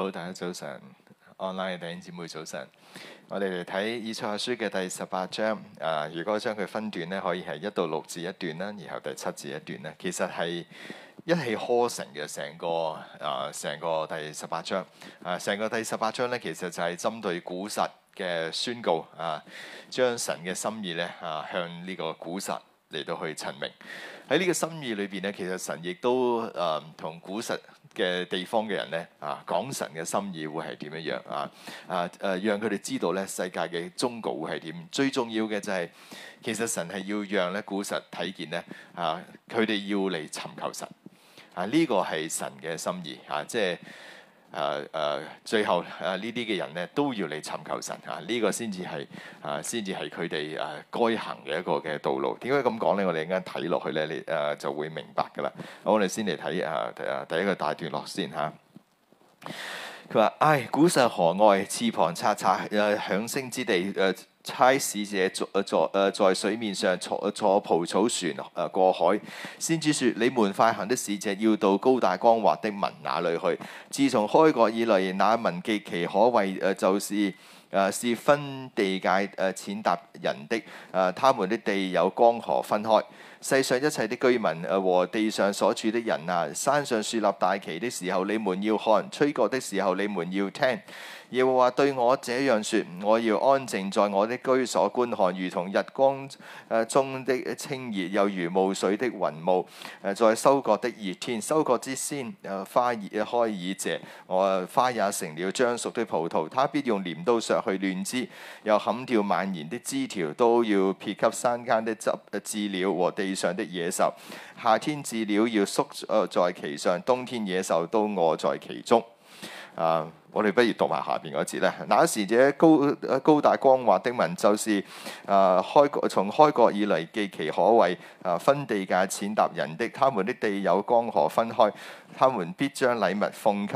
好，大家早晨，online 弟兄姊妹早晨。我哋嚟睇《以賽亞書》嘅第十八章。啊，如果將佢分段呢，可以係一到六字一段啦，然後第七字一段呢，其實係一氣呵成嘅成個啊，成個第十八章啊，成個第十八章呢，其實就係針對古實嘅宣告啊，將神嘅心意呢啊，向呢個古實。嚟到去陳明喺呢個心意裏邊咧，其實神亦都誒同、呃、古實嘅地方嘅人咧啊，講神嘅心意會係點樣樣啊啊誒，讓佢哋知道咧，世界嘅終局會係點。最重要嘅就係、是、其實神係要讓咧古實睇見咧啊，佢哋要嚟尋求神啊，呢、這個係神嘅心意啊，即係。誒誒、啊，最後誒、啊、呢啲嘅人咧，都要嚟尋求神啊！呢、這個先至係誒，先至係佢哋誒該行嘅一個嘅道路。點解咁講咧？我哋一陣睇落去咧，誒、啊、就會明白㗎啦。我哋先嚟睇誒誒第一個大段落先嚇。佢、啊、話：唉、哎，古實河外，翅膀擦擦誒，響聲之地誒。呃差使者在水面上坐坐蒲草船過海。先知說：「你們快行的使者要到高大光滑的民那裏去。自從開國以來，那民極其可畏就是、啊、是分地界誒踐踏人的、啊、他們的地有江河分開，世上一切的居民和地上所住的人啊，山上樹立大旗的時候，你們要看；吹角的時候，你們要聽。要話對我這樣説，我要安靜在我的居所觀看，如同日光中的清熱，又如霧水的雲霧。誒，在收割的熱天，收割之先花葉開已謝，我花也成了將熟的葡萄，它必用鐮刀削去嫩枝，又砍掉蔓延的枝條，都要撇給山間的鷙啊鳥和地上的野獸。夏天鷙鳥要縮在其上，冬天野獸都餓在其中。啊！Uh, 我哋不如讀埋下邊嗰節咧。那時這高高大光滑的民就是啊開國從開國以嚟，既其可畏啊！分地界、踐踏人的，他們的地有江河分開，他們必將禮物奉給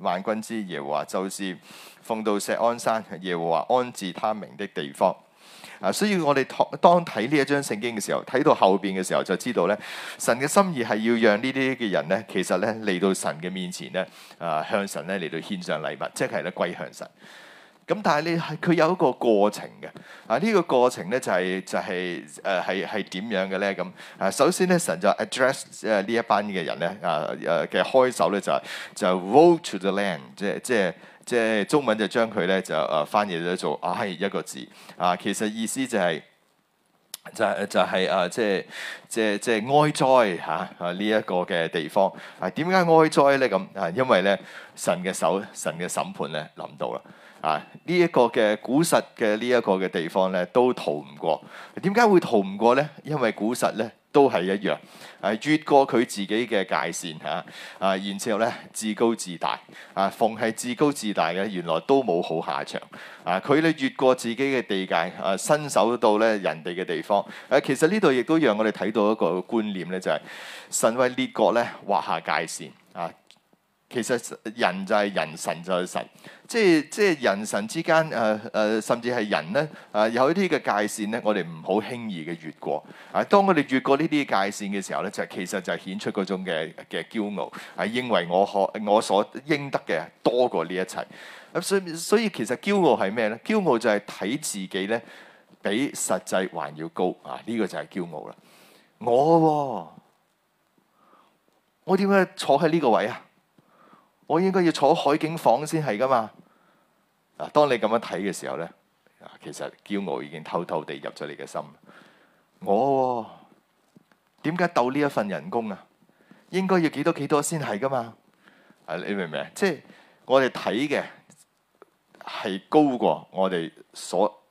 萬軍之耶和華，就是奉到錫安山，耶和華安置他名的地方。啊，所以我哋當睇呢一章聖經嘅時候，睇到後邊嘅時候，就知道咧，神嘅心意係要讓呢啲嘅人咧，其實咧嚟，到神嘅面前咧，啊、呃，向神咧嚟,到獻上禮物，即係咧歸向神。咁、嗯、但係你係佢有一個過程嘅，啊呢、這個過程咧就係、是、就係誒係係點樣嘅咧，咁，啊首先咧神就 address 誒呢一班嘅人咧，啊誒嘅、啊、開首咧就係、是、就 woe to the land 即即。即係中文就將佢咧就誒、啊、翻譯咗做唉、啊、一個字啊，其實意思就係、是、就係就係、是、誒、啊、即係即係即係、啊啊、哀哉，嚇啊呢一個嘅地方啊，點解哀哉咧咁啊？因為咧神嘅手神嘅審判咧臨到啦啊，呢一個嘅古實嘅呢一個嘅地方咧都逃唔過，點解會逃唔過咧？因為古實咧。都係一樣，誒越過佢自己嘅界線嚇，啊然之後咧自高自大，啊逢係自高自大嘅，原來都冇好下場，啊佢咧越過自己嘅地界，啊伸手到咧人哋嘅地方，誒、啊、其實呢度亦都讓我哋睇到一個觀念咧，就係、是、神為列國咧劃下界線啊。其實人就係人，神就係神，即係即係人神之間，誒、呃、誒，甚至係人咧，誒、呃、有一啲嘅界線咧，我哋唔好輕易嘅越過。啊、當我哋越過呢啲界線嘅時候咧，就其實就顯出嗰種嘅嘅驕傲，係、啊、認為我可我所應得嘅多過呢一切。咁、啊、所以所以其實驕傲係咩咧？驕傲就係睇自己咧比實際還要高啊！呢、呢個就係驕傲啦。我、哦、我點解坐喺呢個位啊？我應該要坐海景房先係噶嘛？嗱，當你咁樣睇嘅時候咧，其實驕傲已經偷偷地入咗你嘅心。我，點解鬥呢一份人工啊？應該要幾多幾多先係噶嘛？係你明唔明啊？即係我哋睇嘅係高過我哋所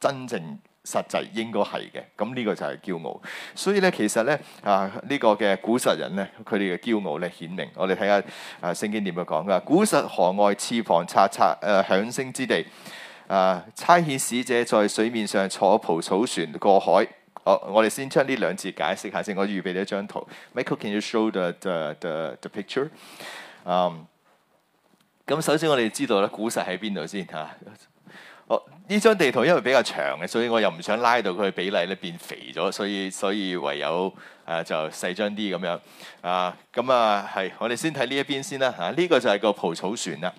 真正，實際應該係嘅，咁呢個就係驕傲。所以咧，其實咧，啊呢、這個嘅古實人咧，佢哋嘅驕傲咧顯明。我哋睇下啊聖經點樣講㗎。古實河外叉叉，翅膀刷刷，誒響聲之地，啊差遣使者在水面上坐蒲草船過海。好、啊，我哋先將呢兩字解釋下先。我預備咗一張圖。Michael，can you show the the, the, the picture？嗯、啊，咁首先我哋知道咧，古實喺邊度先嚇？啊哦呢張地圖因為比較長嘅，所以我又唔想拉到佢比例咧變肥咗，所以所以唯有誒、呃、就細張啲咁樣啊。咁啊係，我哋先睇呢一邊先啦。啊，呢、啊這個就係個蒲草船啦。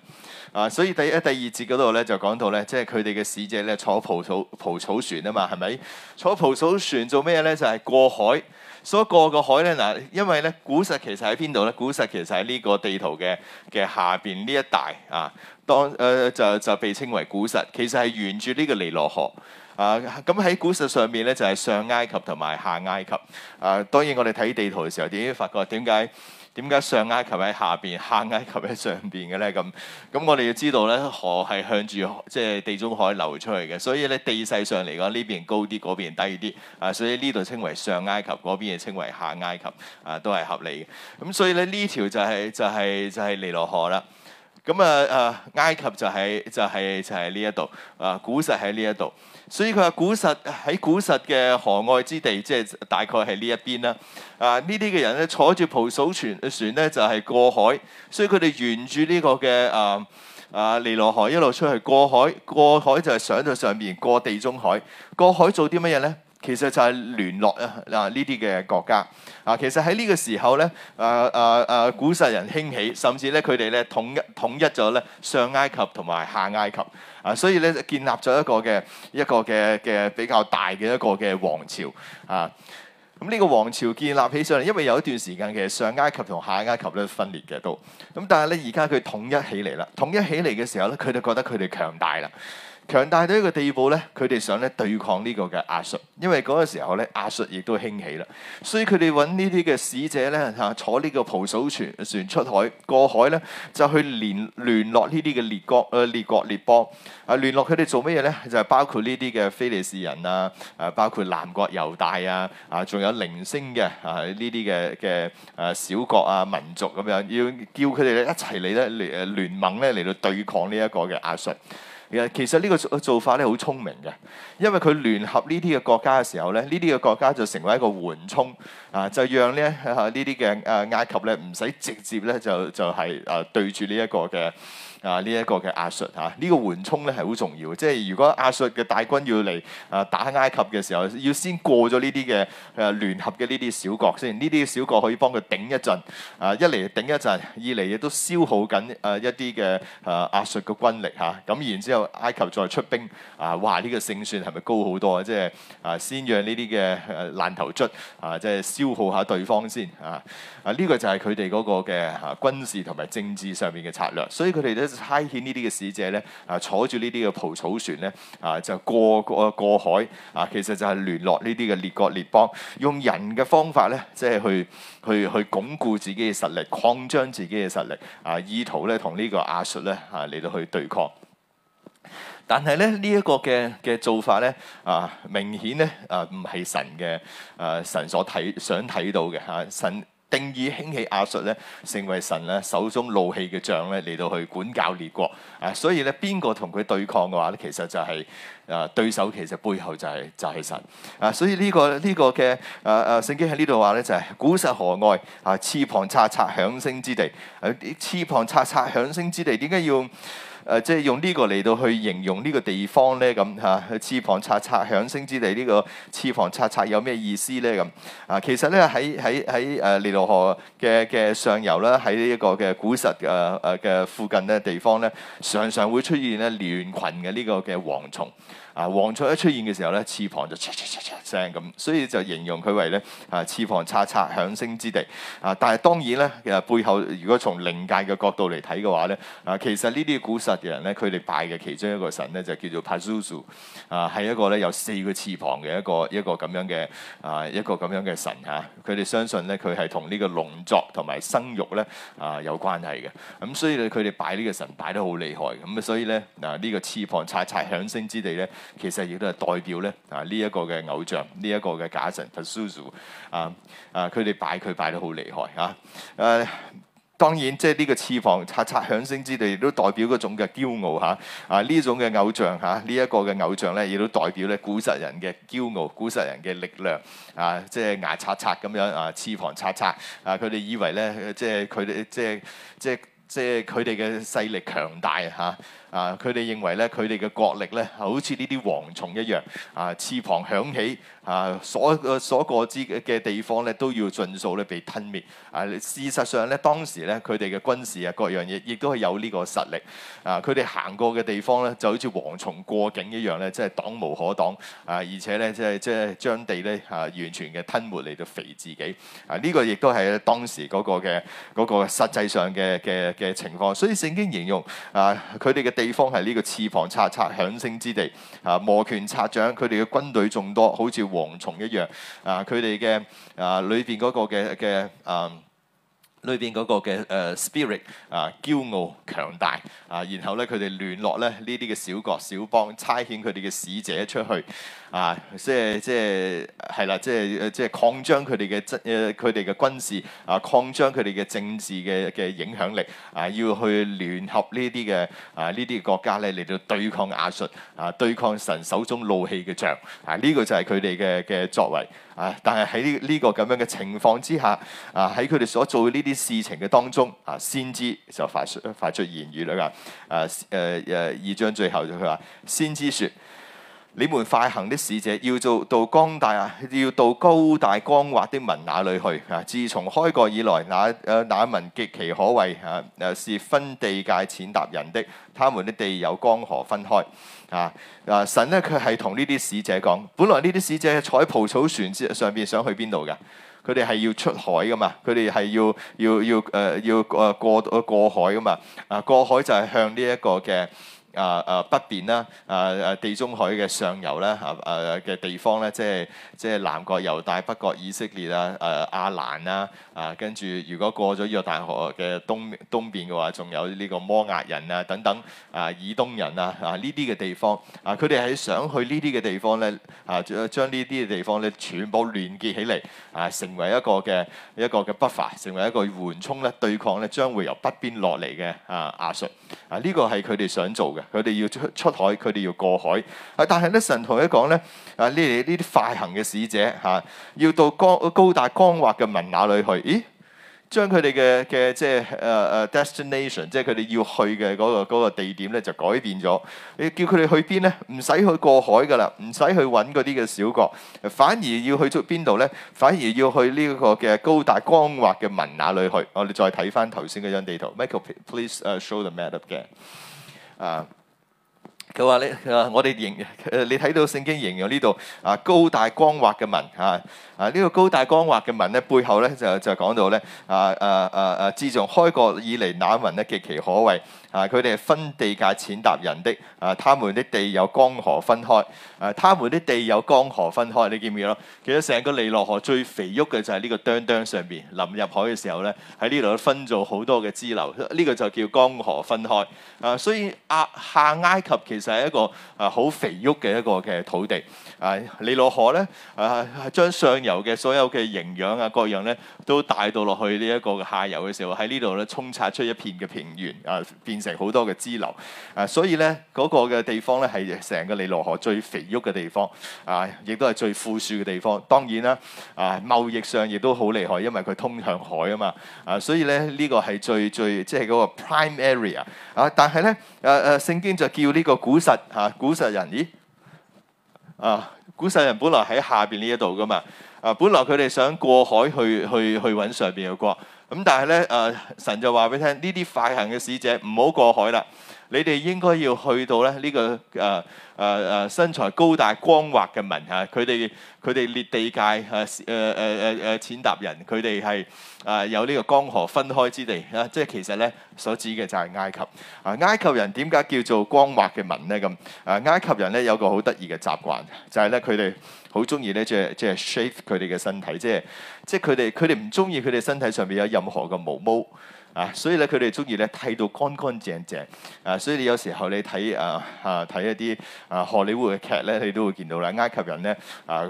啊，所以第一第二節嗰度咧就講到咧，即係佢哋嘅使者咧坐蒲草蒲草船啊嘛，係咪？坐蒲草船做咩咧？就係、是、過海。所過個海咧嗱，因為咧古實其實喺邊度咧？古實其實喺呢個地圖嘅、嘅下邊呢一帶啊，當誒、呃、就、就被稱為古實，其實係沿住呢個尼羅河啊。咁喺古實上面咧，就係、是、上埃及同埋下埃及啊。當然我哋睇地圖嘅時候，點發覺點解？點解上埃及喺下邊，下埃及喺上邊嘅咧？咁咁我哋要知道咧，河係向住即係地中海流出去嘅，所以咧地勢上嚟講，呢邊高啲，嗰邊低啲啊，所以呢度稱為上埃及，嗰邊就稱為下埃及啊，都係合理嘅。咁所以咧呢條就係就係就係就係尼羅河啦。咁啊，誒埃及就係就係就係呢一度啊，古實喺呢一度，所以佢話古實喺古實嘅河外之地，即係大概係呢一邊啦。啊，呢啲嘅人咧坐住蒲草船，船咧就係過海，所以佢哋沿住呢個嘅啊啊尼羅河一路出去過海，過海就係上到上邊過地中海，過海做啲乜嘢咧？其實就係聯絡啊嗱，呢啲嘅國家。啊，其實喺呢個時候咧，誒誒誒古實人興起，甚至咧佢哋咧統一統一咗咧上埃及同埋下埃及啊，所以咧建立咗一個嘅一個嘅嘅比較大嘅一個嘅王朝啊。咁呢個王朝建立起上嚟，因為有一段時間嘅上埃及同下埃及咧分裂嘅都，咁但係咧而家佢統一起嚟啦，統一起嚟嘅時候咧，佢哋覺得佢哋強大啦。強大到一個地步咧，佢哋想咧對抗呢個嘅亞述，因為嗰個時候咧亞述亦都興起啦，所以佢哋搵呢啲嘅使者咧嚇坐呢個蒲草船船出海過海咧，就去聯聯絡呢啲嘅列國誒列國列邦啊，聯絡佢哋做乜嘢咧？就係、是、包括呢啲嘅非利士人啊，誒、啊、包括南國猶大啊啊，仲有零星嘅啊呢啲嘅嘅誒小國啊民族咁樣要叫佢哋咧一齊嚟咧嚟誒聯盟咧嚟到對抗呢一個嘅亞述。其實呢個做法咧好聰明嘅，因為佢聯合呢啲嘅國家嘅時候咧，呢啲嘅國家就成為一個緩衝啊，就讓咧呢啲嘅誒埃及咧唔使直接咧就就係誒對住呢一個嘅。啊！呢一個嘅亞述嚇，呢個緩衝咧係好重要。即係如果亞述嘅大軍要嚟啊打埃及嘅時候，要先過咗呢啲嘅聯合嘅呢啲小國先。呢啲小國可以幫佢頂一陣啊，一嚟頂一陣，二嚟亦都消耗緊啊一啲嘅啊亞述嘅軍力嚇。咁然之後埃及再出兵啊，哇！呢個勝算係咪高好多？即係啊，先讓呢啲嘅爛頭卒啊，即係消耗下對方先啊。啊，呢個就係佢哋嗰個嘅嚇軍事同埋政治上面嘅策略。所以佢哋咧。差遣呢啲嘅使者咧，啊坐住呢啲嘅蒲草船咧，啊就過過過海，啊其實就係聯絡呢啲嘅列國列邦，用人嘅方法咧，即係去去去鞏固自己嘅實力，擴張自己嘅實力，啊意圖咧同呢個亞述咧，啊嚟到去對抗。但係咧呢一個嘅嘅做法咧，啊明顯咧啊唔係神嘅，啊，神，啊神所睇想睇到嘅吓、啊、神。定意興起亞述咧，成為神咧手中怒氣嘅杖咧，嚟到去管教列國啊！所以咧，邊個同佢對抗嘅話咧，其實就係誒對手，其實背後就係就係神啊！所以呢個呢個嘅誒誒聖經喺呢度話咧，就係古實河外啊，翅膀刷刷響聲之地，誒翅膀刷刷響聲之地，點解要？誒、呃，即係用呢個嚟到去形容呢個地方咧，咁、呃、嚇，翅膀刷刷，響聲之地，呢個翅膀刷刷有咩意思咧？咁、呃、啊，其實咧喺喺喺誒尼羅河嘅嘅上游啦，喺呢個嘅古實誒誒嘅附近嘅地方咧，常常會出現咧連群嘅呢個嘅蝗蟲。啊，黃雀一出現嘅時候咧，翅膀就嚓嚓嚓嚓聲咁，所以就形容佢為咧啊，翅膀嚓嚓響聲之地啊。但係當然咧，其實背後如果從靈界嘅角度嚟睇嘅話咧，啊，其實呢啲古實嘅人咧，佢哋拜嘅其中一個神咧就叫做 Pazuzu 啊，係一個咧有四個翅膀嘅一個一個咁樣嘅啊一個咁樣嘅神嚇。佢、啊、哋相信咧佢係同呢個農作同埋生育咧啊有關係嘅。咁所以咧佢哋拜呢個神拜得好厲害。咁所以咧嗱呢、啊呢個翅膀嚓嚓響聲之地咧。呢呢其實亦都係代表咧啊呢一、這個嘅偶像，呢、這、一個嘅假神 Pisusu 啊啊！佢哋拜佢拜得好厲害嚇。誒、啊、當然即係呢個翅膀刷刷響聲之地，亦都代表嗰種嘅驕傲嚇啊！呢、啊、種嘅偶像嚇，呢、啊、一、這個嘅偶像咧，亦、啊這個、都代表咧古實人嘅驕傲，古實人嘅力量啊！即係牙刷刷咁樣啊，翅膀刷刷啊！佢哋以為咧，即係佢哋即係即係即係佢哋嘅勢力強大嚇。啊！佢哋認為咧，佢哋嘅國力咧，好似呢啲蝗蟲一樣，啊翅膀響起，啊所所過之嘅地方咧，都要盡數咧被吞滅。啊，事實上咧，當時咧，佢哋嘅軍事啊，各樣嘢，亦都係有呢個實力。啊，佢哋行過嘅地方咧，就好似蝗蟲過境一樣咧，即係擋無可擋。啊，而且咧，即係即係將地咧啊完全嘅吞沒嚟到肥自己。啊，呢個亦都係當時嗰個嘅嗰個實際上嘅嘅嘅情況。所以聖經形容啊，佢哋嘅地。地方係呢個翅膀擦擦，擦響聲之地，啊，摩拳擦掌，佢哋嘅軍隊眾多，好似蝗蟲一樣啊，佢哋嘅啊裏邊嗰個嘅嘅啊。裏邊嗰個嘅誒 spirit 啊，驕傲強大啊，然後咧佢哋聯絡咧呢啲嘅小國小邦，差遣佢哋嘅使者出去啊，即係即係係啦，即係即係擴張佢哋嘅即誒佢哋嘅軍事啊，擴張佢哋嘅政治嘅嘅影響力啊，要去聯合呢啲嘅啊呢啲國家咧嚟到對抗亞述啊，對抗神手中怒氣嘅杖啊，呢、這個就係佢哋嘅嘅作為。啊！但係喺呢呢個咁樣嘅情況之下，啊喺佢哋所做呢啲事情嘅當中，啊先知就發出發出言語啦㗎。啊誒誒，二章最後就佢話：先知説，你們快行的使者要做到光大，要到高大光滑的民那裡去。啊，自從開國以來，那誒那民極其可畏嚇，誒是分地界踐踏人的，他們的地有江河分開。啊！神呢，佢係同呢啲使者講，本來呢啲使者坐喺蒲草船上邊，想去邊度嘅？佢哋係要出海㗎嘛？佢哋係要要要誒、呃、要誒過過海㗎嘛？啊，過海就係向呢一個嘅。啊啊北邊啦，啊啊地中海嘅上游啦，嚇、呃，誒嘅地方咧，即係即係南國猶大、北國以色列、呃、阿啊，誒亞蘭啊，啊跟住如果過咗呢個大河嘅東東邊嘅話，仲有呢個摩押人啊等等啊以東人啊啊呢啲嘅地方啊，佢哋係想去呢啲嘅地方咧，啊將呢啲嘅地方咧全部聯結起嚟啊，成為一個嘅一個嘅 buffer，成為一個緩衝咧，對抗咧將會由北邊落嚟嘅啊亞述啊，呢個係佢哋想做嘅。佢哋要出出海，佢哋要過海。啊！但係咧，神同佢講咧：啊，呢啲呢啲快行嘅使者嚇、啊，要到高，高大光滑嘅民那裡去？咦？將佢哋嘅嘅即係誒誒 destination，即係佢哋要去嘅嗰個嗰個地點咧，就改變咗。你叫佢哋去邊咧？唔使去過海㗎啦，唔使去揾嗰啲嘅小國，反而要去到邊度咧？反而要去呢一個嘅高大光滑嘅民那裡去？我哋再睇翻頭先嗰張地圖。Michael，please、uh, show the map up 嘅。啊！佢話：「你誒、啊，我哋形誒，你睇到《聖經》形容呢度啊，高大光滑嘅民。啊」啊啊，呢個高大光滑嘅民咧，背後咧就就講到咧啊啊啊啊，自從開國以嚟，那民咧極其可畏。啊！佢哋係分地界、踐踏人的啊！他們的地有江河分開啊！他們的地有江河分開，你見唔見咯？其實成個尼羅河最肥沃嘅就係呢個頂頂上邊，臨入海嘅時候咧，喺呢度分做好多嘅支流，呢、呢個就叫江河分開啊！所以啊下埃及其實係一個啊好肥沃嘅一個嘅土地啊！尼羅河咧啊，將上游嘅所有嘅營養啊各樣咧都帶到落去呢一個下游嘅時候，喺呢度咧沖刷出一片嘅平原啊變成好多嘅支流，啊，所以咧嗰、那個嘅地方咧係成個尼羅河最肥沃嘅地方，啊，亦都係最富庶嘅地方。當然啦，啊，貿易上亦都好厲害，因為佢通向海啊嘛，啊，所以咧呢、這個係最最即係嗰個 prime area 啊。但係咧，誒、啊、誒聖經就叫呢個古實嚇、啊，古實人咦？啊，古實人本來喺下邊呢一度噶嘛，啊，本來佢哋想過海去去去揾上邊嘅國。咁但係咧，誒、呃、神就話俾你聽，呢啲快行嘅使者唔好過海啦。你哋應該要去到咧、這、呢個誒誒誒身材高大光滑嘅民嚇，佢哋佢哋列地界誒誒誒誒誒踐踏人，佢哋係誒有呢個江河分開之地啊！即係其實咧所指嘅就係埃及啊！埃及人點解叫做光滑嘅民咧？咁啊，埃及人咧有個好得意嘅習慣，就係咧佢哋好中意咧即係即係 shave 佢哋嘅身體，即係即係佢哋佢哋唔中意佢哋身體上邊有任何嘅毛毛。啊，所以咧，佢哋中意咧剃到乾乾淨淨啊。所以你有時候你睇、呃、啊啊睇一啲啊荷里活嘅劇咧，你都會見到啦。埃及人咧啊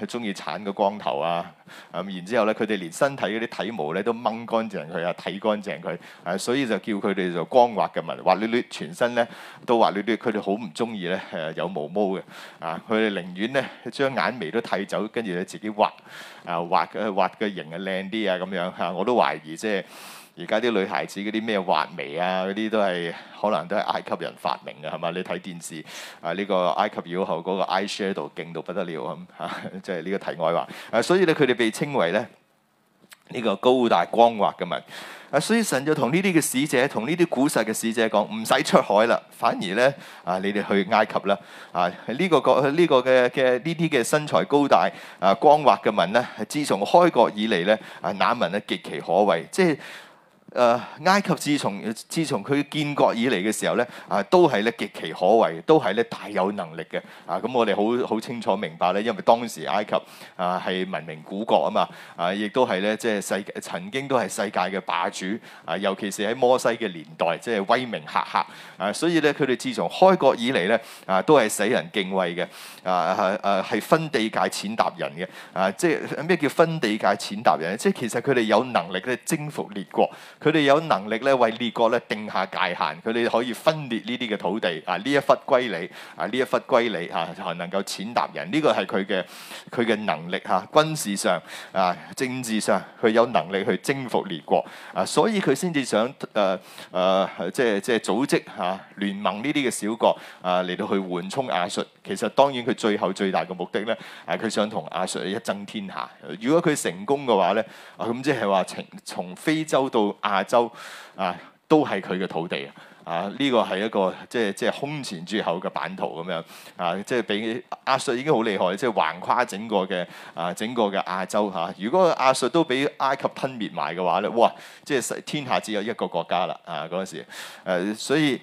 誒，中意鏟個光頭啊，咁然之後咧，佢哋連身體嗰啲體毛咧都掹乾淨佢啊，睇乾淨佢啊，所以就叫佢哋就光滑嘅紋，滑捋捋全身咧都滑捋捋。佢哋好唔中意咧誒有毛毛嘅啊，佢哋寧願咧將眼眉都剃走，跟住咧自己畫啊畫嘅、啊、畫嘅形啊靚啲啊咁樣嚇。我都懷疑即係。就是就是就是而家啲女孩子嗰啲咩畫眉啊，嗰啲都係可能都係埃及人發明嘅，係嘛？你睇電視啊，呢個埃及妖后嗰個 eye shadow 勁到不得了咁嚇，即係呢個題外話。啊，所以咧佢哋被稱為咧呢個高大光滑嘅民。啊，所以神就同呢啲嘅使者，同呢啲古實嘅使者講，唔使出海啦，反而咧啊，你哋去埃及啦。啊，呢個國呢個嘅嘅呢啲嘅身材高大啊光滑嘅民咧，自從開國以嚟咧啊，那民咧極其可畏，即係。誒埃及自從自從佢建國以嚟嘅時候咧，啊都係咧極其可畏，都係咧大有能力嘅。啊咁，我哋好好清楚明白咧，因為當時埃及啊係文明古國啊嘛，啊亦都係咧即係世曾經都係世界嘅霸主啊，尤其是喺摩西嘅年代，即係威名赫赫啊。所以咧，佢哋自從開國以嚟咧，啊都係使人敬畏嘅。啊啊啊係分地界踐踏人嘅。啊即係咩叫分地界踐踏人？即係其實佢哋有能力咧征服列國。佢哋有能力咧為列國咧定下界限，佢哋可以分裂呢啲嘅土地啊，呢一忽歸你啊，呢一忽歸你啊，才能夠踐踏人。呢、這個係佢嘅佢嘅能力吓、啊、軍事上啊，政治上佢有能力去征服列國啊，所以佢先至想誒誒、啊呃呃、即係即係組織嚇、啊、聯盟呢啲嘅小國啊嚟到去緩衝亞述。其實當然佢最後最大嘅目的咧係佢想同亞述一爭天下。如果佢成功嘅話咧，啊咁即係話從非洲到亞洲啊，都係佢嘅土地啊！啊，呢、這個係一個即係即係空前絕後嘅版圖咁樣啊！即係俾亞述已經好厲害，即係橫跨整個嘅啊整個嘅亞洲嚇、啊。如果亞述都俾埃及吞滅埋嘅話咧，哇！即係天下只有一個國家啦啊！嗰陣時、啊、所以。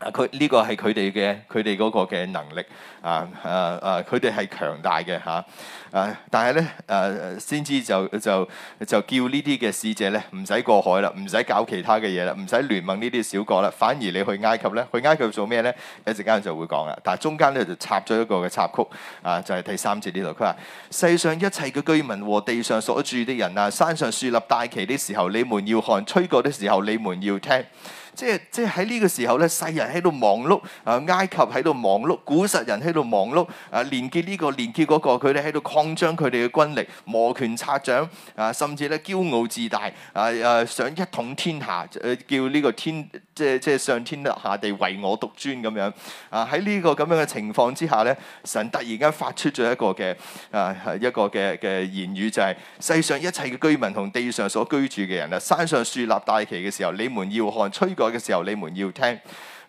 這個、啊！佢呢個係佢哋嘅，佢哋嗰個嘅能力啊啊啊！佢哋係強大嘅嚇啊！但係咧啊，先知就就就叫呢啲嘅使者咧，唔使過海啦，唔使搞其他嘅嘢啦，唔使聯盟呢啲小國啦，反而你去埃及咧，去埃及做咩咧？一陣間就會講啦。但係中間咧就插咗一個嘅插曲啊，就係、是、第三節呢度，佢話：世上一切嘅居民和地上所住的人啊，山上樹立大旗的時候，你們要看；吹過的時候，你們要聽。即係，即係喺呢個時候咧，世人喺度忙碌，啊埃及喺度忙碌，古實人喺度忙碌，啊連結呢個連結嗰個，佢哋喺度擴張佢哋嘅軍力，摩拳擦掌，啊甚至咧驕傲自大，啊啊想一統天下，誒、啊、叫呢個天。即係上天下地唯我獨尊咁樣啊！喺呢個咁樣嘅情況之下呢，神突然間發出咗一個嘅啊一個嘅嘅言語，就係、是、世上一切嘅居民同地上所居住嘅人啊，山上樹立大旗嘅時候，你們要看；吹角嘅時候，你們要聽。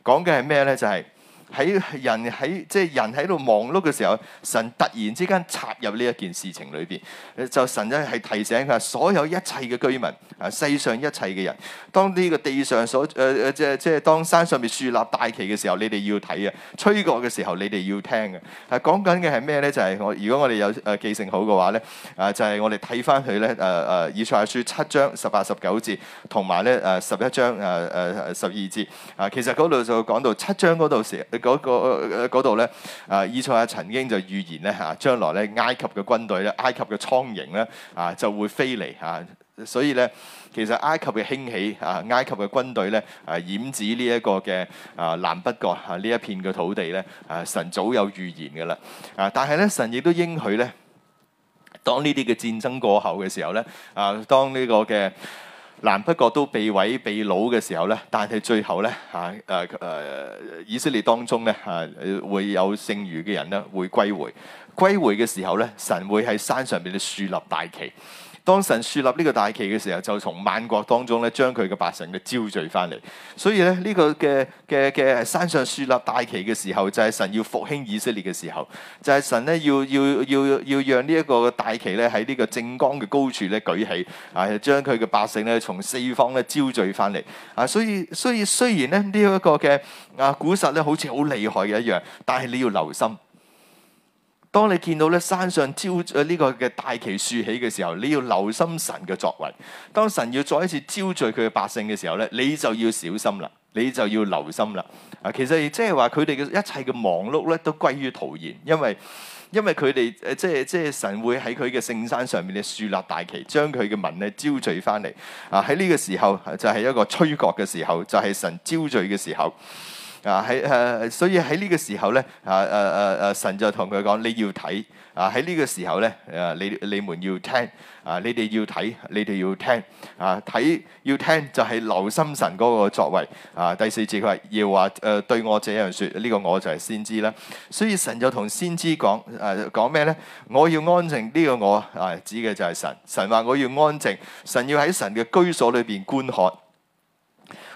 講嘅係咩呢？就係、是。喺人喺即係人喺度忙碌嘅時候，神突然之間插入呢一件事情裏邊，就神咧係提醒佢所有一切嘅居民啊，世上一切嘅人，當呢個地上所誒誒、呃、即係即係當山上面樹立大旗嘅時候，你哋要睇嘅，吹過嘅時候，你哋要聽嘅。啊，講緊嘅係咩咧？就係、是、我如果我哋有誒、啊、記性好嘅話咧，啊就係、是、我哋睇翻佢咧誒誒以賽亞書七章十八十九節，同埋咧誒十一章誒誒、啊、十二節。啊，其實嗰度就講到七章嗰度時。嗰、那個嗰度咧，啊，以賽亞曾經就預言咧嚇，將來咧埃及嘅軍隊咧，埃及嘅蒼蠅咧，啊就會飛嚟嚇、啊，所以咧其實埃及嘅興起啊，埃及嘅軍隊咧啊，染指呢一個嘅啊南北角，啊呢一片嘅土地咧啊，神早有預言嘅啦啊，但係咧神亦都應許咧，當呢啲嘅戰爭過後嘅時候咧啊，當呢個嘅南北國都被毀被老嘅時候咧，但係最後咧嚇誒誒以色列當中咧嚇、啊、會有剩餘嘅人咧會歸回，歸回嘅時候咧神會喺山上邊樹立大旗。當神樹立呢個大旗嘅時候，就從萬國當中咧將佢嘅百姓咧招聚翻嚟。所以咧呢個嘅嘅嘅山上樹立大旗嘅時候，就係神要復興以色列嘅時候，就係神咧要要要要讓呢一個大旗咧喺呢個正江嘅高處咧舉起，啊將佢嘅百姓咧從四方咧招聚翻嚟。啊，所以所以雖然咧呢一個嘅啊古實咧好似好厲害嘅一樣，但係你要留心。當你見到咧山上招誒呢個嘅大旗豎起嘅時候，你要留心神嘅作為。當神要再一次招聚佢嘅百姓嘅時候咧，你就要小心啦，你就要留心啦。啊，其實即係話佢哋嘅一切嘅忙碌咧，都歸於徒然，因為因為佢哋誒即係即係神會喺佢嘅聖山上面咧樹立大旗，將佢嘅民咧招聚返嚟。啊，喺呢個時候就係一個吹角嘅時候，就係神招聚嘅時候。啊喺誒，所以喺呢個時候咧，啊誒誒誒，神就同佢講，你要睇啊。喺呢個時候咧，誒、啊、你你們要聽啊，你哋要睇，你哋要聽啊，睇要聽就係留心神嗰個作為啊。第四節佢話要話誒、呃、對我這樣説，呢、這個我就係先知啦。所以神就同先知講誒講咩咧？我要安靜，呢、這個我啊指嘅就係神。神話我要安靜，神要喺神嘅居所裏邊觀看。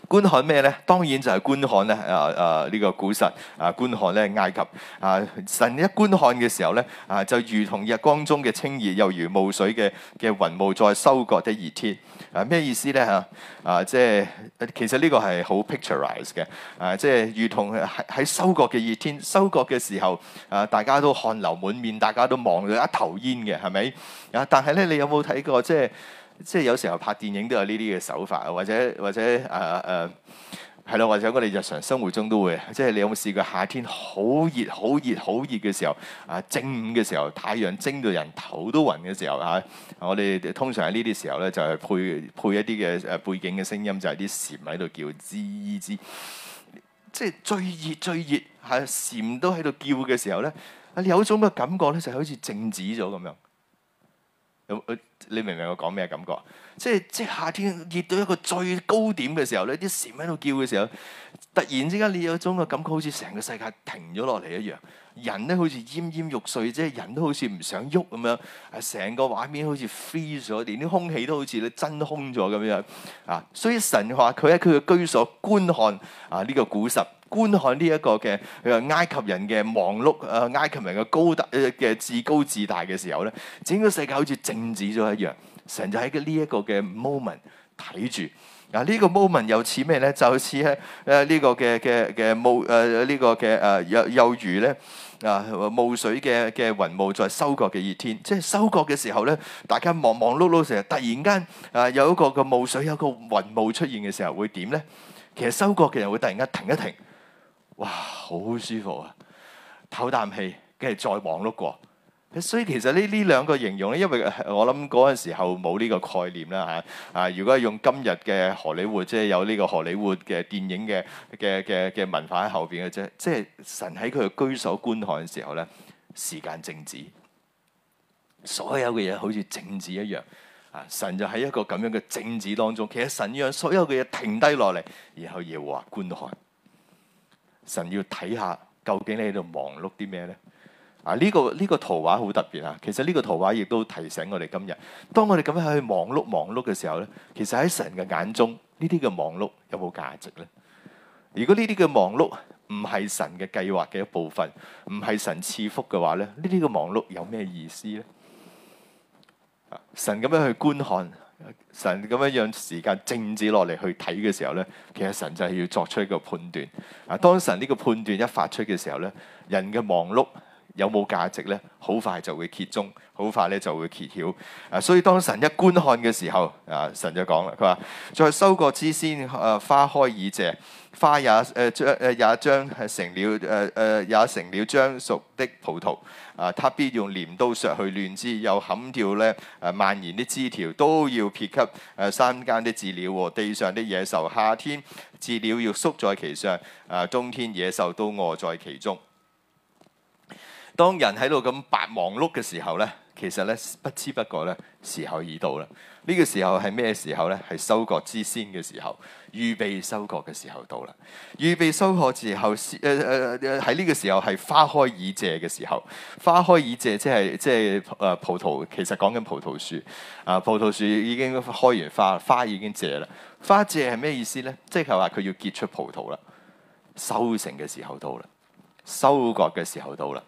觀看咩呢？當然就係觀看咧，啊啊呢、這個古實啊，觀看咧埃及啊，神一觀看嘅時候咧，啊就如同日光中嘅清熱，又如霧水嘅嘅雲霧再收、啊啊啊、在收割的熱天啊，咩意思呢？嚇啊，即係其實呢個係好 picturesque 嘅啊，即係如同喺喺收割嘅熱天，收割嘅時候啊，大家都汗流滿面，大家都忙到一頭煙嘅，係咪？啊，但係咧，你有冇睇過即係？即係有時候拍電影都有呢啲嘅手法，或者或者誒誒係咯，或者我哋日常生活中都會。即係你有冇試過夏天好熱、好熱、好熱嘅時候啊？正午嘅時候，太陽蒸到人頭都暈嘅時候啊！我哋通常喺呢啲時候咧，就係、是、配配一啲嘅誒背景嘅聲音，就係啲蟬喺度叫吱吱。即係最熱最熱，係、啊、蟬都喺度叫嘅時候咧、啊，你有種嘅感覺咧，就好似靜止咗咁樣。有。啊你明唔明我講咩感覺？即係即係夏天熱到一個最高點嘅時候咧，啲蟬喺度叫嘅時候，突然之間你有種嘅感覺，好似成個世界停咗落嚟一樣，人咧好似奄奄欲睡，即係人都好似唔想喐咁樣，成個畫面好似 freeze 咗，連啲空氣都好似咧真空咗咁樣啊！所以神話佢喺佢嘅居所觀看啊呢個古實。觀看呢一個嘅誒埃及人嘅忙碌，誒埃及人嘅高、呃、最高最大嘅自高自大嘅時候咧，整個世界好似靜止咗一樣。成日喺呢一個嘅 moment 睇住啊！這個、呢個 moment 又似咩咧？就好似誒誒呢個嘅嘅嘅霧誒呢個嘅誒又又如咧啊霧水嘅嘅雲霧在收割嘅熱天，即係收割嘅時候咧，大家忙忙碌碌成日，突然間啊有一個嘅霧水有一個雲霧出現嘅時候會點咧？其實收割嘅人會突然間停一停。哇，好舒服啊！唞啖氣，跟住再忙碌過。所以其實呢呢兩個形容咧，因為我諗嗰陣時候冇呢個概念啦嚇。啊，如果係用今日嘅荷里活，即係有呢個荷里活嘅電影嘅嘅嘅嘅文化喺後邊嘅啫。即係神喺佢嘅居所觀看嘅時候咧，時間靜止，所有嘅嘢好似靜止一樣。啊，神就喺一個咁樣嘅靜止當中。其實神讓所有嘅嘢停低落嚟，然後耶和華觀看。神要睇下究竟你喺度忙碌啲咩咧？啊，呢、這個呢、這個圖畫好特別啊！其實呢個圖畫亦都提醒我哋今日，當我哋咁樣去忙碌忙碌嘅時候呢，其實喺神嘅眼中，呢啲嘅忙碌有冇價值呢？如果呢啲嘅忙碌唔係神嘅計劃嘅一部分，唔係神賜福嘅話呢，呢啲嘅忙碌有咩意思呢？啊、神咁樣去觀看。神咁樣讓時間靜止落嚟，去睇嘅時候咧，其實神就係要作出一個判斷。啊，當神呢個判斷一發出嘅時候咧，人嘅忙碌，有冇價值呢？好快就會揭盅，好快咧就會揭曉。啊，所以當神一觀看嘅時候，啊，神就講啦，佢話：在收割之先，啊，花開已謝，花也誒將誒也將係成了誒誒也成了將熟的葡萄。啊，他必用鐮刀削去嫩枝，又砍掉咧誒蔓延的枝條，都要撇給誒山間的鷙鳥和地上的野獸。夏天，鷙鳥要宿在其上；啊，冬天野獸都臥在其中。當人喺度咁白忙碌嘅時候呢，其實呢，不知不覺呢，時候已到啦。呢、呢個時候係咩時候呢？係收割之先嘅時候，預備收割嘅時候到啦。預備收割時候，誒誒喺呢個時候係花開已謝嘅時候。花開已謝、就係，即係即係誒葡萄，其實講緊葡萄樹。啊，葡萄樹已經開完花，花已經謝啦。花謝係咩意思呢？即係話佢要結出葡萄啦。收成嘅時候到啦，收穫嘅時候到啦。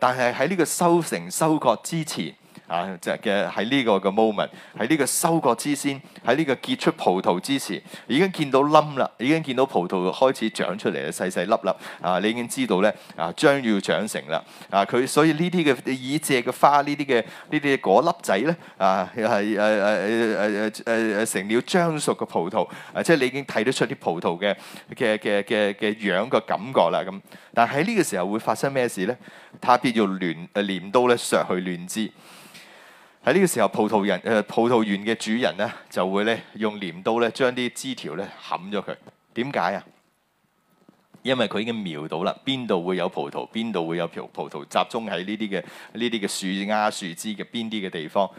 但係喺呢個收成收割之前。啊！即係嘅喺呢個嘅 moment，喺呢個收割之先，喺呢個結出葡萄之前，已經見到冧啦，已經見到葡萄開始長出嚟啦，細細粒粒啊！你已經知道咧啊，將要長成啦啊！佢所以呢啲嘅已謝嘅花，呢啲嘅呢啲果粒仔咧啊，又係誒誒誒誒誒誒成了將熟嘅葡萄啊，即係你已經睇得出啲葡萄嘅嘅嘅嘅嘅樣個感覺啦咁。但喺呢個時候會發生咩事咧？他必要亂誒，鐮刀咧削去亂枝。喺呢個時候，葡萄園誒、呃、葡萄園嘅主人咧就會咧用鐮刀咧將啲枝條咧冚咗佢。點解啊？因為佢已經瞄到啦，邊度會有葡萄，邊度會有葡葡萄，集中喺呢啲嘅呢啲嘅樹丫樹枝嘅邊啲嘅地方。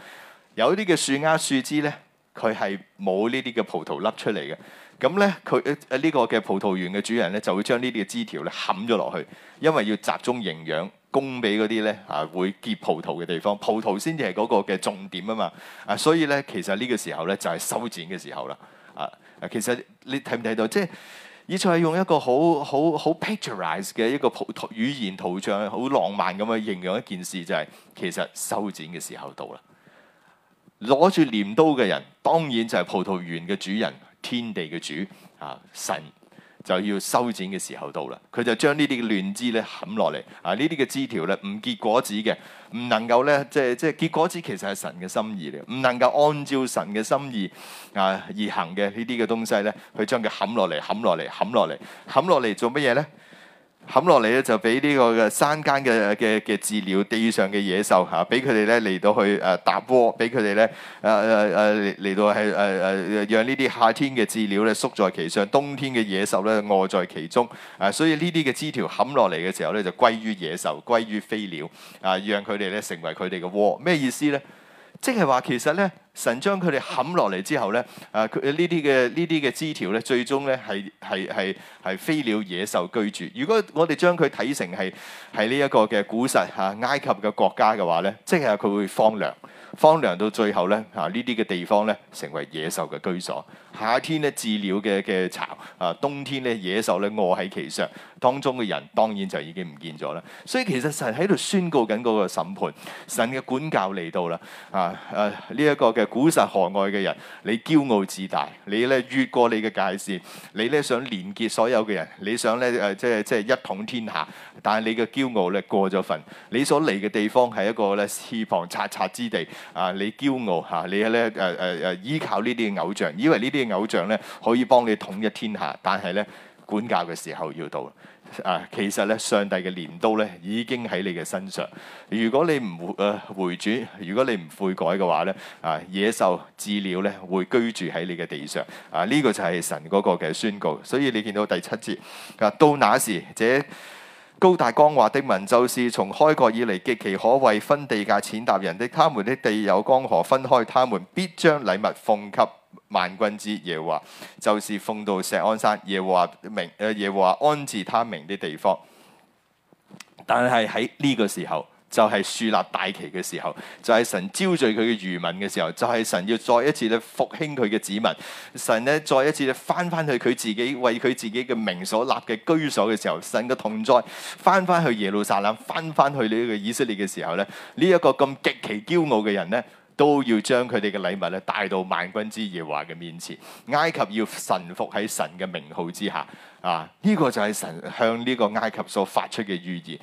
有啲嘅樹丫樹枝咧，佢係冇呢啲嘅葡萄粒出嚟嘅。咁咧，佢誒呢個嘅葡萄園嘅主人咧就會將呢啲嘅枝條咧冚咗落去，因為要集中營養。供俾嗰啲咧啊，會結葡萄嘅地方，葡萄先至係嗰個嘅重點啊嘛啊，所以咧，其實呢個時候咧就係、是、修剪嘅時候啦啊！其實你睇唔睇到，即係以賽用一個好好好 picturesque 嘅一個葡語言圖像，好浪漫咁去形容一件事，就係、是、其實修剪嘅時候到啦。攞住鐮刀嘅人，當然就係葡萄園嘅主人，天地嘅主啊，神。就要修剪嘅時候到啦，佢就將呢啲嘅亂枝咧冚落嚟，啊呢啲嘅枝條咧唔結果子嘅，唔能夠咧即係即係結果子其實係神嘅心意嚟，唔能夠按照神嘅心意啊而行嘅呢啲嘅東西咧，佢將佢冚落嚟，冚落嚟，冚落嚟，冚落嚟，做乜嘢咧？冚落嚟咧，就俾呢個嘅山間嘅嘅嘅鷙鳥，地上嘅野獸嚇，俾佢哋咧嚟到去誒搭窩，俾佢哋咧誒誒誒嚟到係誒誒讓呢啲、啊啊啊、夏天嘅鷙鳥咧縮在其上，冬天嘅野獸咧卧在其中。誒、啊，所以呢啲嘅枝條冚落嚟嘅時候咧，就歸於野獸，歸於飛鳥。啊，讓佢哋咧成為佢哋嘅窩。咩意思咧？即係話其實咧，神將佢哋冚落嚟之後咧，啊，佢呢啲嘅呢啲嘅枝條咧，最終咧係係係係飛鳥野獸居住。如果我哋將佢睇成係喺呢一個嘅古實嚇、啊、埃及嘅國家嘅話咧，即係佢會荒涼，荒涼到最後咧嚇呢啲嘅、啊、地方咧成為野獸嘅居所。夏天咧，鷙鳥嘅嘅巢；啊，冬天咧，野獸咧餓喺其上。當中嘅人當然就已經唔見咗啦。所以其實神喺度宣告緊嗰個審判，神嘅管教嚟到啦。啊，誒呢一個嘅古實河外嘅人，你驕傲自大，你咧越過你嘅界線，你咧想連結所有嘅人，你想咧誒、呃、即係即係一統天下。但係你嘅驕傲咧過咗份，你所嚟嘅地方係一個咧翅膀擦擦之地。啊，你驕傲嚇、啊，你咧誒誒誒依靠呢啲嘅偶像，以為呢啲。偶像咧可以幫你統一天下，但係咧管教嘅時候要到啊！其實咧上帝嘅鐮刀咧已經喺你嘅身上。如果你唔誒、呃、回轉，如果你唔悔改嘅話咧啊，野獸鷙呢、鷙鳥咧會居住喺你嘅地上啊！呢、呢個就係神嗰個嘅宣告。所以你見到第七節，佢、啊、到那時，這高大光滑的民族是從開國以嚟極其可畏分地界踐踏人的，他們的地有江河分開，他們必將禮物奉給。萬軍之耶和華就是奉到錫安山，耶和華明誒耶和華安置他名的地方。但係喺呢個時候，就係、是、樹立大旗嘅時候，就係、是、神招聚佢嘅餘民嘅時候，就係、是、神要再一次咧復興佢嘅子民。神咧再一次咧翻翻去佢自己為佢自己嘅名所立嘅居所嘅時候，神嘅同在，翻翻去耶路撒冷，翻翻去呢個以色列嘅時候咧，呢、這、一個咁極其驕傲嘅人呢。都要將佢哋嘅禮物咧帶到萬軍之耶和華嘅面前，埃及要臣服喺神嘅名號之下。啊！呢、這個就係神向呢個埃及所發出嘅預言。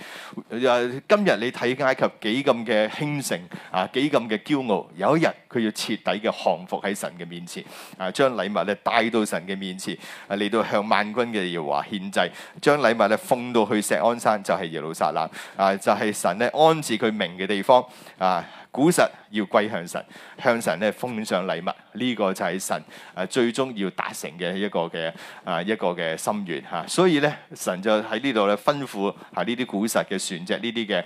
誒、啊，今日你睇埃及幾咁嘅興盛，啊幾咁嘅驕傲，有一日佢要徹底嘅降服喺神嘅面前，啊將禮物咧帶到神嘅面前，啊嚟到向萬軍嘅耶和華獻祭，將禮物咧奉到去錫安山，就係、是、耶路撒冷，啊就係、是、神咧安置佢名嘅地方，啊古實要歸向神，向神咧奉上禮物，呢、這個就係神啊最終要達成嘅一個嘅啊一個嘅心願。吓、啊，所以咧神就喺呢度咧吩咐，係呢啲古實嘅船隻，呢啲嘅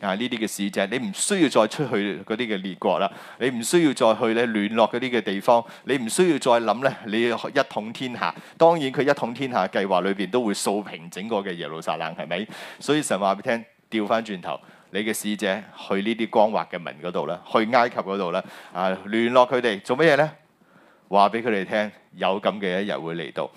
啊呢啲嘅使者，你唔需要再出去嗰啲嘅列國啦，你唔需要再去咧聯絡嗰啲嘅地方，你唔需要再諗咧你一統天下，當然佢一統天下計劃裏邊都會掃平整個嘅耶路撒冷，係咪？所以神話俾你聽，調翻轉頭，你嘅使者去呢啲光滑嘅民嗰度啦，去埃及嗰度啦，啊聯絡佢哋做乜嘢咧？話俾佢哋聽，有咁嘅一日會嚟到。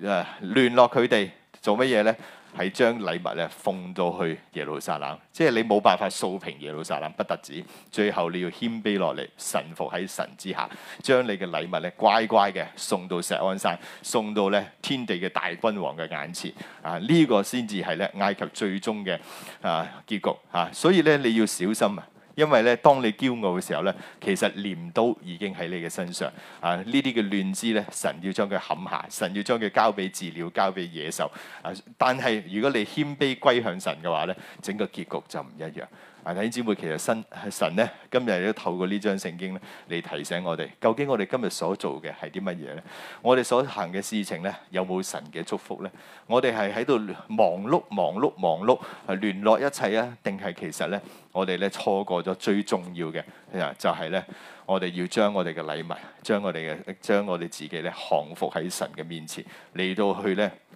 誒、啊、聯絡佢哋做乜嘢咧？係將禮物咧奉到去耶路撒冷，即係你冇辦法掃平耶路撒冷，不特止，最後你要謙卑落嚟，臣服喺神之下，將你嘅禮物咧乖乖嘅送到錫安山，送到咧天地嘅大君王嘅眼前啊！這個、呢個先至係咧埃及最終嘅啊結局啊！所以咧你要小心啊！因為咧，當你驕傲嘅時候咧，其實鐮刀已經喺你嘅身上啊！亂呢啲嘅亂枝咧，神要將佢冚下，神要將佢交俾治料，交俾野獸啊！但係如果你謙卑歸向神嘅話咧，整個結局就唔一樣。弟兄姊妹，其實神神咧，今日都透過呢張聖經咧，嚟提醒我哋，究竟我哋今日所做嘅係啲乜嘢咧？我哋所行嘅事情咧，有冇神嘅祝福咧？我哋係喺度忙碌、忙碌、忙碌，聯絡一切啊？定係其實咧，我哋咧錯過咗最重要嘅，就係、係、咧，我哋要將我哋嘅禮物，將我哋嘅，將我哋自己咧，降服喺神嘅面前嚟到去咧。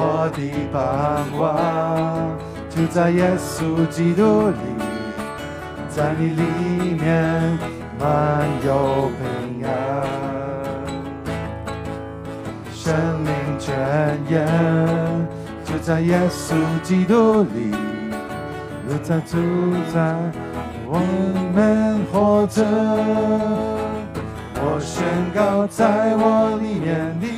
我的盼望就在耶穌基督裏，在你裏面滿有平安。生命泉源就在耶穌基督裏，若在住在我們活着，我宣告在我裏面。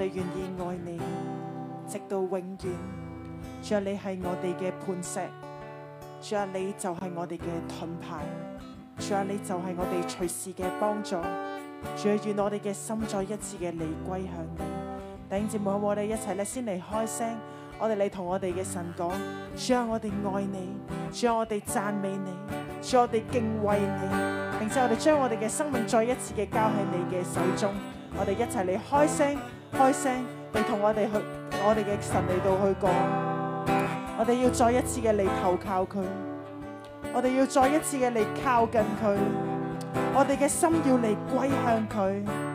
我哋願意愛你，直到永遠。主啊，你係我哋嘅磐石，主啊，你就係我哋嘅盾牌，主啊，你就係我哋隨時嘅幫助。主啊，願我哋嘅心再一次嘅回歸向你。弟兄姊妹，我哋一齊咧，先嚟開聲，我哋嚟同我哋嘅神講：主啊，我哋愛你，主啊，我哋讚美你，主啊，我哋敬畏你，並且我哋將我哋嘅生命再一次嘅交喺你嘅手中。我哋一齊嚟開聲。開聲，你同我哋去，我哋嘅神嚟度去講，我哋要再一次嘅嚟投靠佢，我哋要再一次嘅嚟靠近佢，我哋嘅心要嚟歸向佢。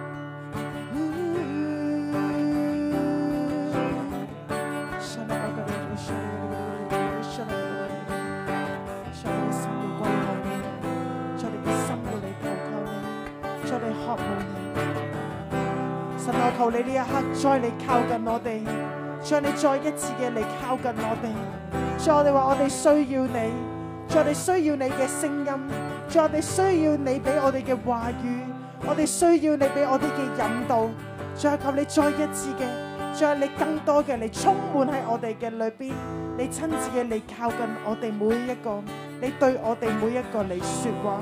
在呢一刻，再嚟靠近我哋，再你再一次嘅嚟靠近我哋，在我哋話我哋需要你，在我哋需要你嘅聲音，在我哋需要你俾我哋嘅話語，我哋需要你俾我哋嘅引導，再求你再一次嘅，再你更多嘅嚟充滿喺我哋嘅裏邊，你親自嘅嚟靠近我哋每一個，你對我哋每一個嚟說話，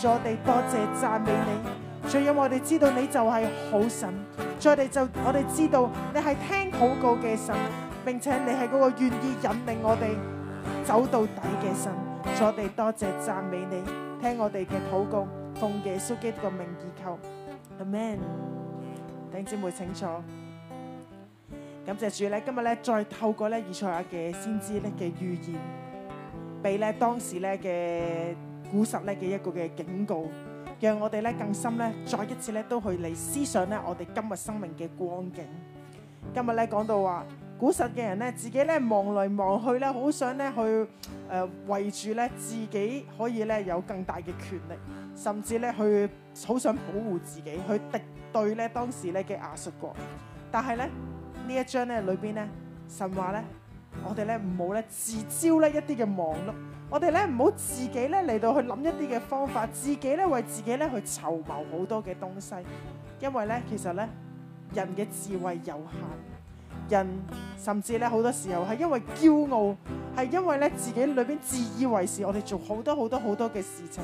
再我哋多謝讚美你。所以我哋知道你就係好神，所以我哋就我哋知道你係聽禱告嘅神，並且你係嗰個願意引領我哋走到底嘅神。我哋多謝讚美你，聽我哋嘅禱告，奉耶穌基督嘅名義求，阿門。丁姐妹請坐。感謝主咧，今日咧再透過咧以賽亞嘅先知咧嘅預言，俾咧當時咧嘅古實咧嘅一個嘅警告。讓我哋咧更深咧，再一次咧都去嚟思想咧，我哋今日生命嘅光景。今日咧講到話古實嘅人咧，自己咧望嚟望去咧，好想咧去誒圍住咧自己，可以咧有更大嘅權力，甚至咧去好想保護自己，去敵對咧當時咧嘅亞述國。但係咧呢一章咧裏邊咧神話咧，我哋咧唔好咧自招咧一啲嘅忙碌。我哋咧唔好自己咧嚟到去諗一啲嘅方法，自己咧為自己咧去籌謀好多嘅東西，因為咧其實咧人嘅智慧有限，人甚至咧好多時候係因為驕傲，係因為咧自己裏邊自以為是，我哋做好多好多好多嘅事情，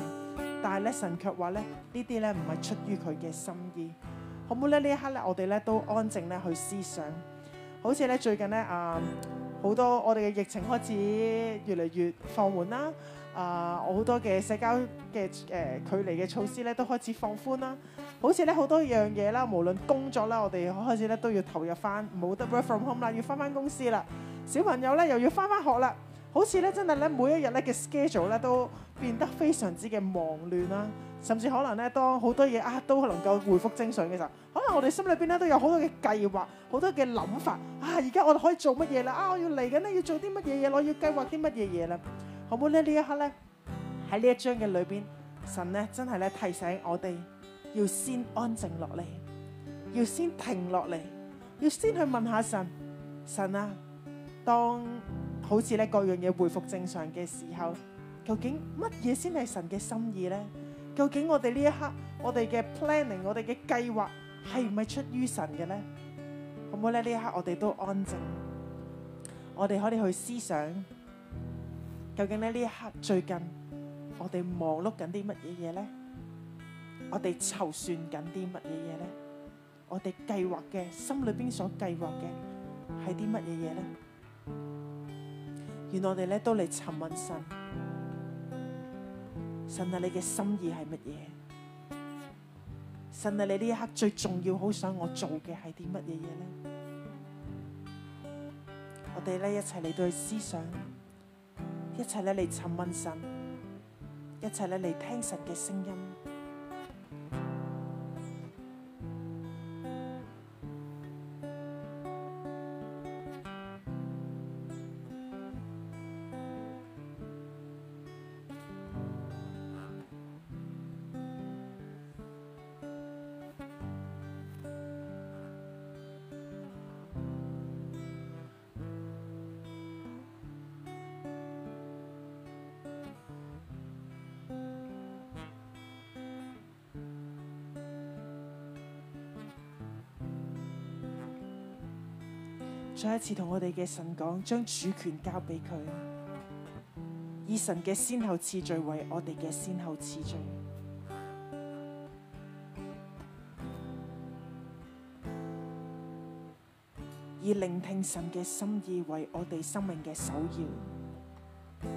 但係咧神卻話咧呢啲咧唔係出於佢嘅心意。好唔好咧呢一刻咧我哋咧都安靜咧去思想，好似咧最近咧啊。好多我哋嘅疫情開始越嚟越放緩啦，啊、呃，好多嘅社交嘅誒、呃、距離嘅措施咧都開始放寬啦。好似咧好多樣嘢啦，無論工作啦，我哋開始咧都要投入返冇得 work from home 啦，要返返公司啦。小朋友咧又要返返學啦。好似咧真係咧每一日咧嘅 schedule 咧都變得非常之嘅忙亂啦。甚至可能咧，當好多嘢啊都能夠回復正常嘅時候，可能我哋心裏邊咧都有好多嘅計劃，好多嘅諗法啊！而家我哋可以做乜嘢啦？啊，我要嚟緊咧，要做啲乜嘢嘢？我要計劃啲乜嘢嘢啦？好唔好呢？呢一刻咧，喺呢一章嘅裏邊，神咧真係咧提醒我哋要先安靜落嚟，要先停落嚟，要先去問下神。神啊，當好似咧各樣嘢回復正常嘅時候，究竟乜嘢先係神嘅心意咧？究竟我哋呢一刻，我哋嘅 planning，我哋嘅計劃係唔係出於神嘅咧？好唔好咧？呢一刻我哋都安靜，我哋可以去思想，究竟咧呢一刻最近我哋忙碌緊啲乜嘢嘢咧？我哋籌算緊啲乜嘢嘢咧？我哋計劃嘅心裏邊所計劃嘅係啲乜嘢嘢咧？願我哋咧都嚟尋問神。神啊，你嘅心意係乜嘢？神啊，你呢一刻最重要、好想我做嘅係啲乜嘢嘢咧？我哋咧一齊嚟對思想，一齊咧嚟尋問神，一齊咧嚟聽神嘅聲音。再一次同我哋嘅神講，將主權交俾佢，以神嘅先後次序為我哋嘅先後次序，以聆聽神嘅心意為我哋生命嘅首要。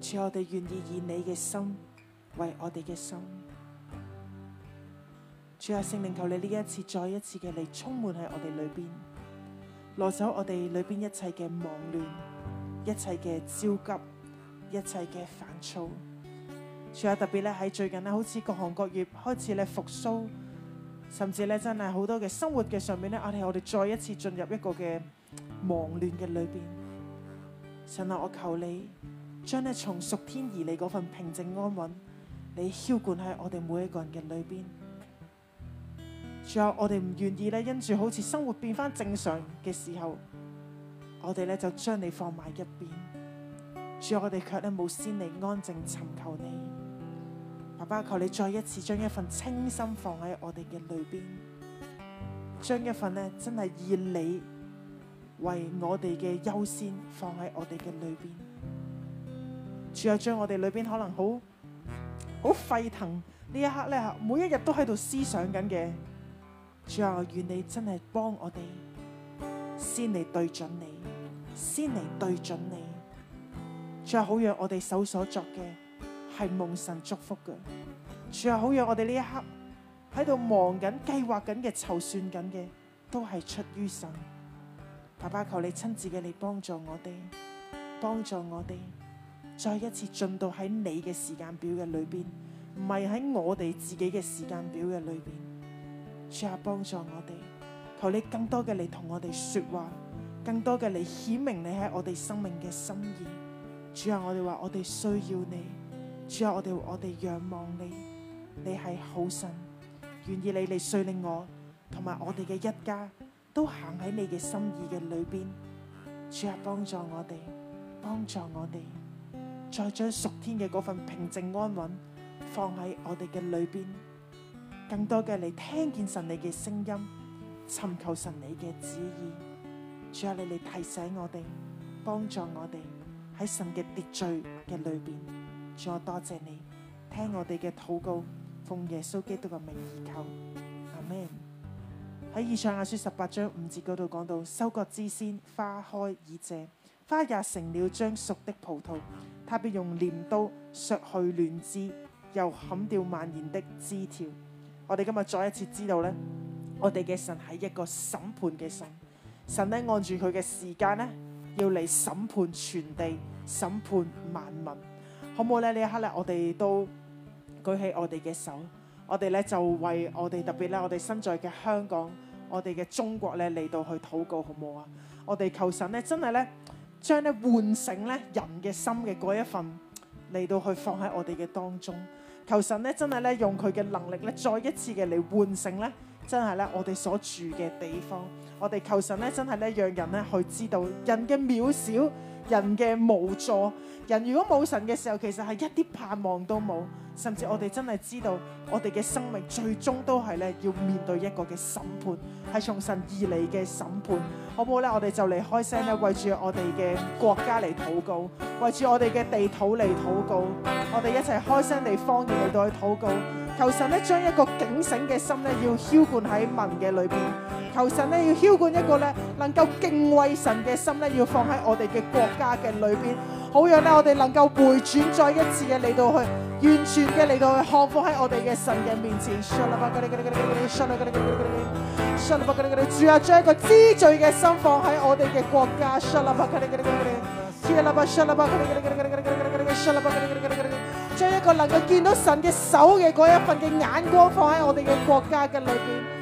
似我哋願意以你嘅心為我哋嘅心。主啊，聖靈，求你呢一次再一次嘅你充滿喺我哋裏邊，攞走我哋裏邊一切嘅忙亂、一切嘅焦急、一切嘅煩躁。主啊，特別咧喺最近呢，好似各行各業開始咧復蘇，甚至咧真係好多嘅生活嘅上面咧啊，我哋再一次進入一個嘅忙亂嘅裏邊。神啊，我求你將你從屬天而嚟嗰份平靜安穩，你澆灌喺我哋每一個人嘅裏邊。仲有我哋唔願意咧，因住好似生活變翻正常嘅時候，我哋咧就將你放埋一邊。主啊，我哋卻咧冇先嚟安靜尋求你。爸爸求你再一次將一份清心放喺我哋嘅裏邊，將一份呢真係以你為我哋嘅優先放喺我哋嘅裏邊。主啊，將我哋裏邊可能好好沸騰呢一刻咧，每一日都喺度思想緊嘅。最後願你真係幫我哋，先嚟對準你，先嚟對準你。最後好讓我哋手所作嘅係蒙神祝福嘅。最後好讓我哋呢一刻喺度忙緊、計劃緊嘅、籌算緊嘅，都係出於神。爸爸求你親自嘅嚟幫助我哋，幫助我哋，再一次進到喺你嘅時間表嘅裏邊，唔係喺我哋自己嘅時間表嘅裏邊。主啊，幫助我哋！求你更多嘅嚟同我哋說話，更多嘅嚟顯明你喺我哋生命嘅心意。主啊，我哋話我哋需要你。主啊，我哋我哋仰望你，你係好神，願意你嚟率領我同埋我哋嘅一家都行喺你嘅心意嘅裏邊。主啊，幫助我哋，幫助我哋，再將屬天嘅嗰份平靜安穩放喺我哋嘅裏邊。更多嘅你聽見神你嘅聲音，尋求神你嘅旨意，主啊，你嚟提醒我哋，幫助我哋喺神嘅秩序嘅裏邊。主，我多謝你聽我哋嘅禱告，奉耶穌基督嘅名而求，阿門。喺以賽亞書十八章五節嗰度講到，收割之先花開已謝，花也成了將熟的葡萄，他必用鐮刀削去嫩枝，又砍掉蔓延的枝條。我哋今日再一次知道咧，我哋嘅神係一個審判嘅神，神咧按住佢嘅時間咧，要嚟審判全地、審判萬民，好唔好咧？呢一刻咧，我哋都舉起我哋嘅手，我哋咧就為我哋特別咧，我哋身在嘅香港，我哋嘅中國咧嚟到去禱告，好唔好啊？我哋求神咧，真係咧，將咧喚醒咧人嘅心嘅嗰一份嚟到去放喺我哋嘅當中。求神咧，真係咧，用佢嘅能力咧，再一次嘅嚟喚醒咧，真係咧，我哋所住嘅地方，我哋求神咧，真係咧，讓人咧去知道人嘅渺小。人嘅無助，人如果冇神嘅時候，其實係一啲盼望都冇，甚至我哋真係知道我哋嘅生命最終都係咧要面對一個嘅審判，係從神而嚟嘅審判，好唔好咧？我哋就嚟開聲咧，為住我哋嘅國家嚟禱告，為住我哋嘅地土嚟禱告，我哋一齊開聲嚟方言嚟到去禱告，求神咧將一個警醒嘅心咧要澆灌喺民嘅裏邊。求神咧要澆灌一個咧能夠敬畏神嘅心咧要放喺我哋嘅國家嘅裏邊，好讓咧我哋能夠回轉再一次嘅嚟到去，完全嘅嚟到去，看放喺我哋嘅神嘅面前。信啦！信 啦！ 住啊！將一個知罪嘅心放喺我哋嘅國家。信啦！信 啦！將一個能夠見到神嘅手嘅嗰一份嘅眼光放喺我哋嘅國家嘅裏邊。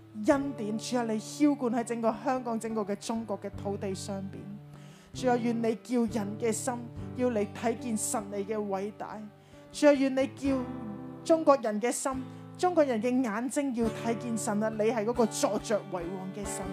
恩典主要你澆灌喺整個香港、整個嘅中國嘅土地上邊。仲有願你叫人嘅心要嚟睇見神你嘅偉大。仲有願你叫中國人嘅心，中國人嘅眼睛要睇見神啊，你係嗰個坐着為王嘅神。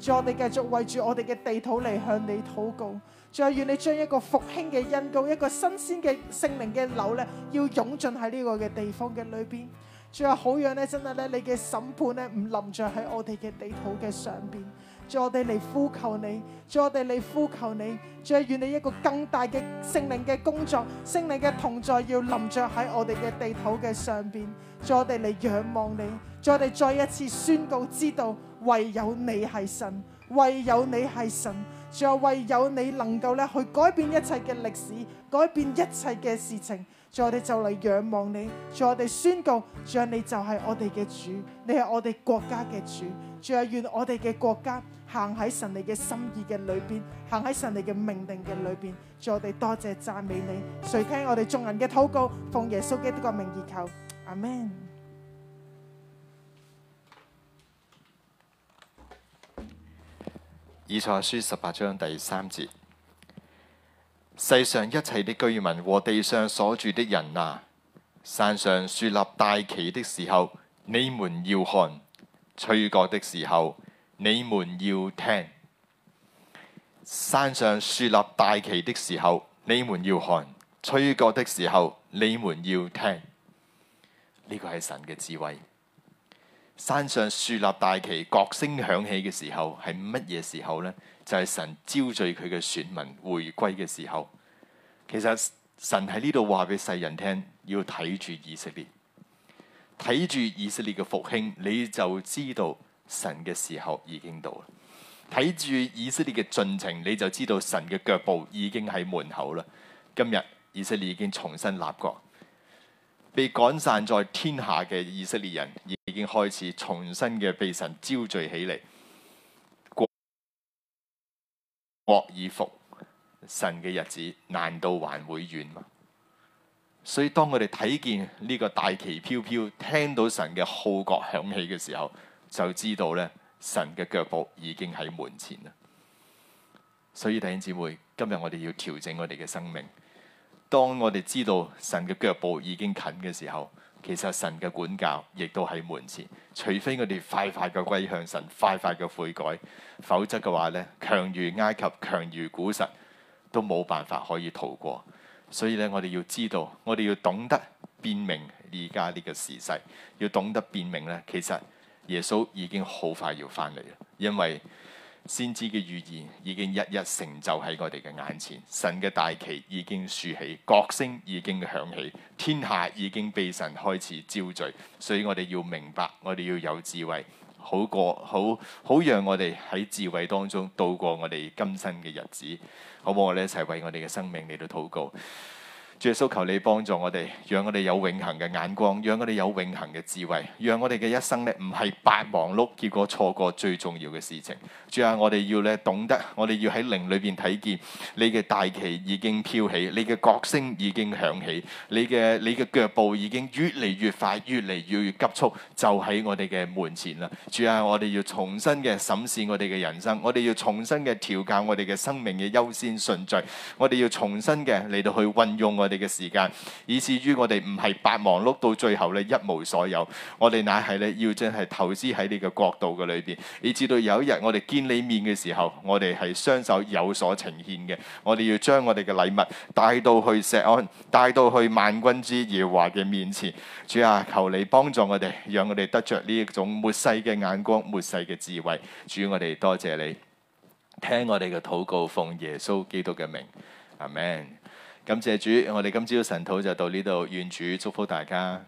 仲有你繼續圍住我哋嘅地土嚟向你禱告。仲有願你將一個復興嘅恩膏，一個新鮮嘅聖靈嘅流咧，要湧進喺呢個嘅地方嘅裏邊。最好樣咧，真係咧，你嘅審判咧唔臨着喺我哋嘅地土嘅上邊，在我哋嚟呼求你，在我哋嚟呼求你，最願你一個更大嘅聖靈嘅工作、聖靈嘅同在要臨着喺我哋嘅地土嘅上邊，在我哋嚟仰望你，在我哋再一次宣告知道，唯有你係神，唯有你係神，仲有唯有你能夠咧去改變一切嘅歷史，改變一切嘅事情。在我哋就嚟仰望你，在我哋宣告，在你就係我哋嘅主，你係我哋國家嘅主。在願我哋嘅國家行喺神你嘅心意嘅裏邊，行喺神你嘅命令嘅裏邊。在我哋多謝讚美你，垂聽我哋眾人嘅禱告，奉耶穌嘅呢個名義求，阿門。以賽書十八章第三節。世上一切的居民和地上所住的人啊，山上樹立大旗的時候，你們要看；吹角的時候，你們要聽。山上樹立大旗的時候，你們要看；吹角的時候，你們要聽。呢、這個係神嘅智慧。山上樹立大旗，角聲響起嘅時候，係乜嘢時候呢？就係神招聚佢嘅選民回歸嘅時候，其實神喺呢度話俾世人聽，要睇住以色列，睇住以色列嘅復興，你就知道神嘅時候已經到啦。睇住以色列嘅進程，你就知道神嘅腳步已經喺門口啦。今日以色列已經重新立國，被趕散在天下嘅以色列人已經開始重新嘅被神招聚起嚟。惡以伏，神嘅日子難道還會遠嗎？所以當我哋睇見呢個大旗飄飄，聽到神嘅號角響起嘅時候，就知道咧，神嘅腳步已經喺門前啦。所以弟兄姊妹，今日我哋要調整我哋嘅生命。當我哋知道神嘅腳步已經近嘅時候，其實神嘅管教亦都喺門前，除非我哋快快嘅歸向神，快快嘅悔改，否則嘅話咧，強如埃及，強如古實，都冇辦法可以逃過。所以咧，我哋要知道，我哋要懂得辨明而家呢個時勢。要懂得辨明呢。其實耶穌已經好快要翻嚟啦，因為。先知嘅預言已經一一成就喺我哋嘅眼前，神嘅大旗已經豎起，角聲已經響起，天下已經被神開始招聚，所以我哋要明白，我哋要有智慧，好過好好讓我哋喺智慧當中度過我哋今生嘅日子，好唔好？我哋一齊為我哋嘅生命嚟到禱告。主啊，求你幫助我哋，讓我哋有永恒嘅眼光，讓我哋有永恒嘅智慧，讓我哋嘅一生咧唔係白忙碌，結果錯過最重要嘅事情。主啊，我哋要咧懂得，我哋要喺靈裏邊睇見你嘅大旗已經飄起，你嘅角聲已經響起，你嘅你嘅腳步已經越嚟越快，越嚟越急速，就喺我哋嘅門前啦。主啊，我哋要重新嘅審視我哋嘅人生，我哋要重新嘅調教我哋嘅生命嘅優先順序，我哋要重新嘅嚟到去運用我你嘅時間，以至於我哋唔係白忙碌，到最後咧一無所有。我哋乃係咧要真係投資喺你個國度嘅裏邊，以至到有一日我哋見你面嘅時候，我哋係雙手有所呈現嘅。我哋要將我哋嘅禮物帶到去錫安，帶到去萬軍之耶和華嘅面前。主啊，求你幫助我哋，讓我哋得着呢一種末世嘅眼光、末世嘅智慧。主，我哋多謝你，聽我哋嘅禱告，奉耶穌基督嘅名，阿門。感謝主，我哋今朝嘅晨禱就到呢度，願主祝福大家。